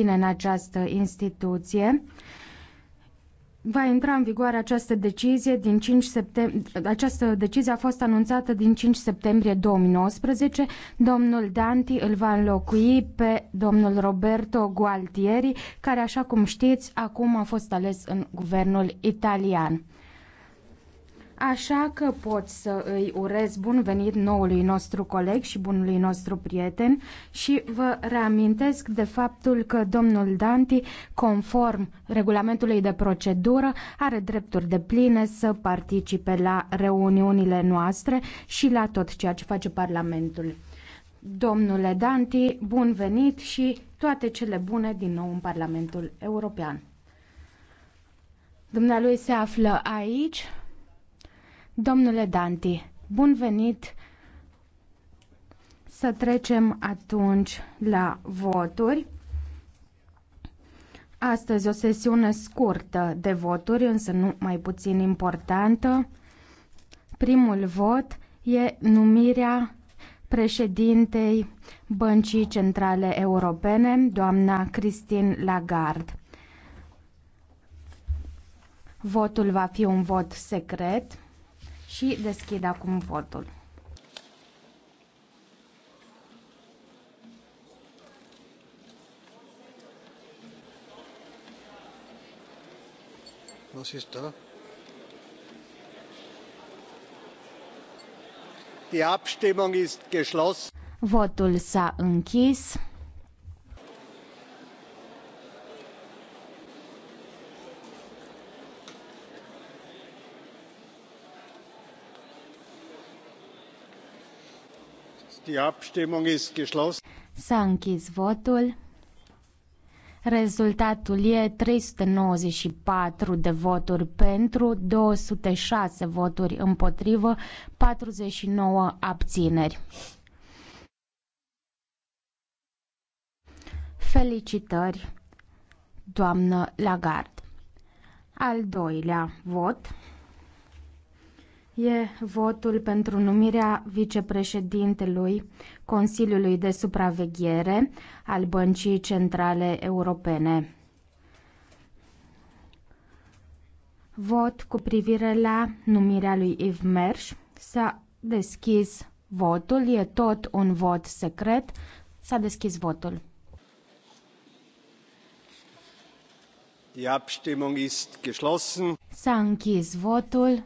bine în această instituție. Va intra în vigoare această decizie din 5 septembrie. Această decizie a fost anunțată din 5 septembrie 2019. Domnul Danti îl va înlocui pe domnul Roberto Gualtieri, care, așa cum știți, acum a fost ales în guvernul italian. Așa că pot să îi urez bun venit noului nostru coleg și bunului nostru prieten și vă reamintesc de faptul că domnul Danti, conform regulamentului de procedură, are drepturi de pline să participe la reuniunile noastre și la tot ceea ce face Parlamentul. Domnule Danti, bun venit și toate cele bune din nou în Parlamentul European. Dumnealui se află aici, Domnule Danti, bun venit! Să trecem atunci la voturi. Astăzi o sesiune scurtă de voturi, însă nu mai puțin importantă. Primul vot e numirea președintei Băncii Centrale Europene, doamna Christine Lagarde. Votul va fi un vot secret și deschid acum votul. No, si está. Die Abstimmung ist geschlossen. Votul s-a închis. S-a închis votul. Rezultatul e 394 de voturi pentru, 206 voturi împotrivă, 49 abțineri. Felicitări, doamnă Lagarde. Al doilea vot e votul pentru numirea vicepreședintelui Consiliului de Supraveghere al Băncii Centrale Europene. Vot cu privire la numirea lui Yves Mersch. S-a deschis votul, e tot un vot secret. S-a deschis votul. Die Abstimmung ist geschlossen. S-a închis votul.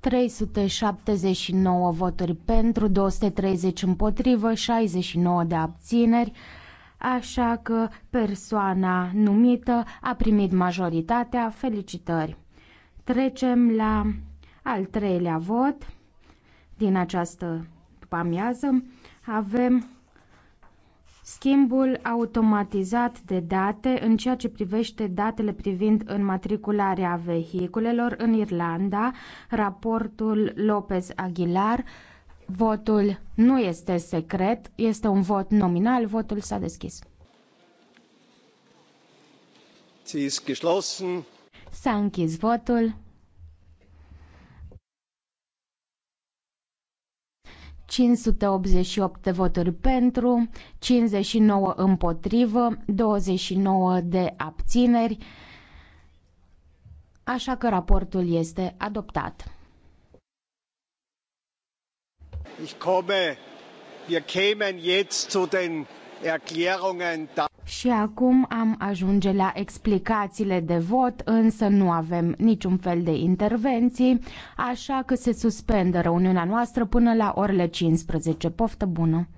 379 voturi pentru, 230 împotrivă, 69 de abțineri, așa că persoana numită a primit majoritatea. Felicitări! Trecem la al treilea vot din această după amiază. Avem schimbul automatizat de date în ceea ce privește datele privind înmatricularea vehiculelor în Irlanda, raportul Lopez Aguilar. Votul nu este secret, este un vot nominal, votul s-a deschis. S-a închis votul. 588 de voturi pentru, 59 împotrivă, 29 de abțineri, așa că raportul este adoptat. Ich komme, wir kämen jetzt zu den Erklärungen da și acum am ajunge la explicațiile de vot, însă nu avem niciun fel de intervenții, așa că se suspendă reuniunea noastră până la orele 15. Poftă bună!